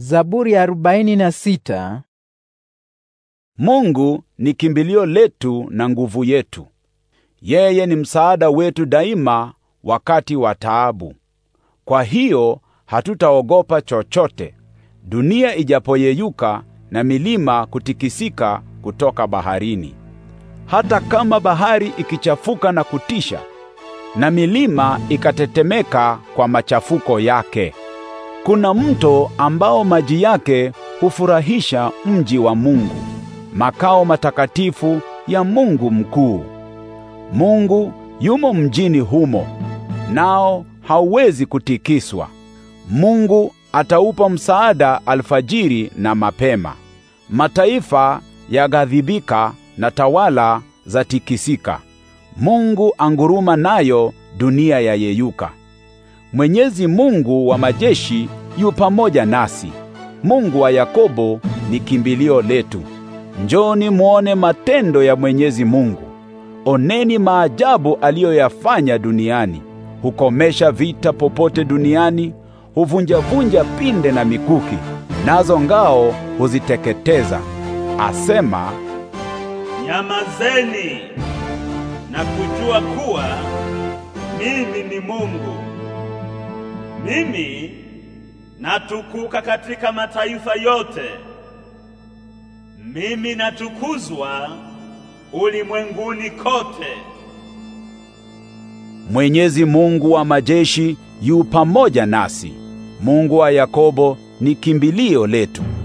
Zaburi ya arobaini na sita. Mungu ni kimbilio letu na nguvu yetu. Yeye ni msaada wetu daima wakati wa taabu. Kwa hiyo hatutaogopa chochote, dunia ijapoyeyuka na milima kutikisika kutoka baharini. Hata kama bahari ikichafuka na kutisha na milima ikatetemeka kwa machafuko yake kuna mto ambao maji yake hufurahisha mji wa Mungu, makao matakatifu ya Mungu mkuu. Mungu yumo mjini humo, nao hauwezi kutikiswa. Mungu ataupa msaada alfajiri na mapema. Mataifa yaghadhibika na tawala za tikisika Mungu anguruma, nayo dunia yayeyuka. Mwenyezi Mungu wa majeshi yu pamoja nasi. Mungu wa Yakobo ni kimbilio letu. Njoni muone matendo ya Mwenyezi Mungu. Oneni maajabu aliyoyafanya duniani. Hukomesha vita popote duniani, huvunja-vunja pinde na mikuki, nazo ngao huziteketeza. Asema, nyamazeni na kujua kuwa mimi ni Mungu mimi natukuka katika mataifa yote, mimi natukuzwa ulimwenguni kote. Mwenyezi Mungu wa majeshi yu pamoja nasi. Mungu wa Yakobo ni kimbilio letu.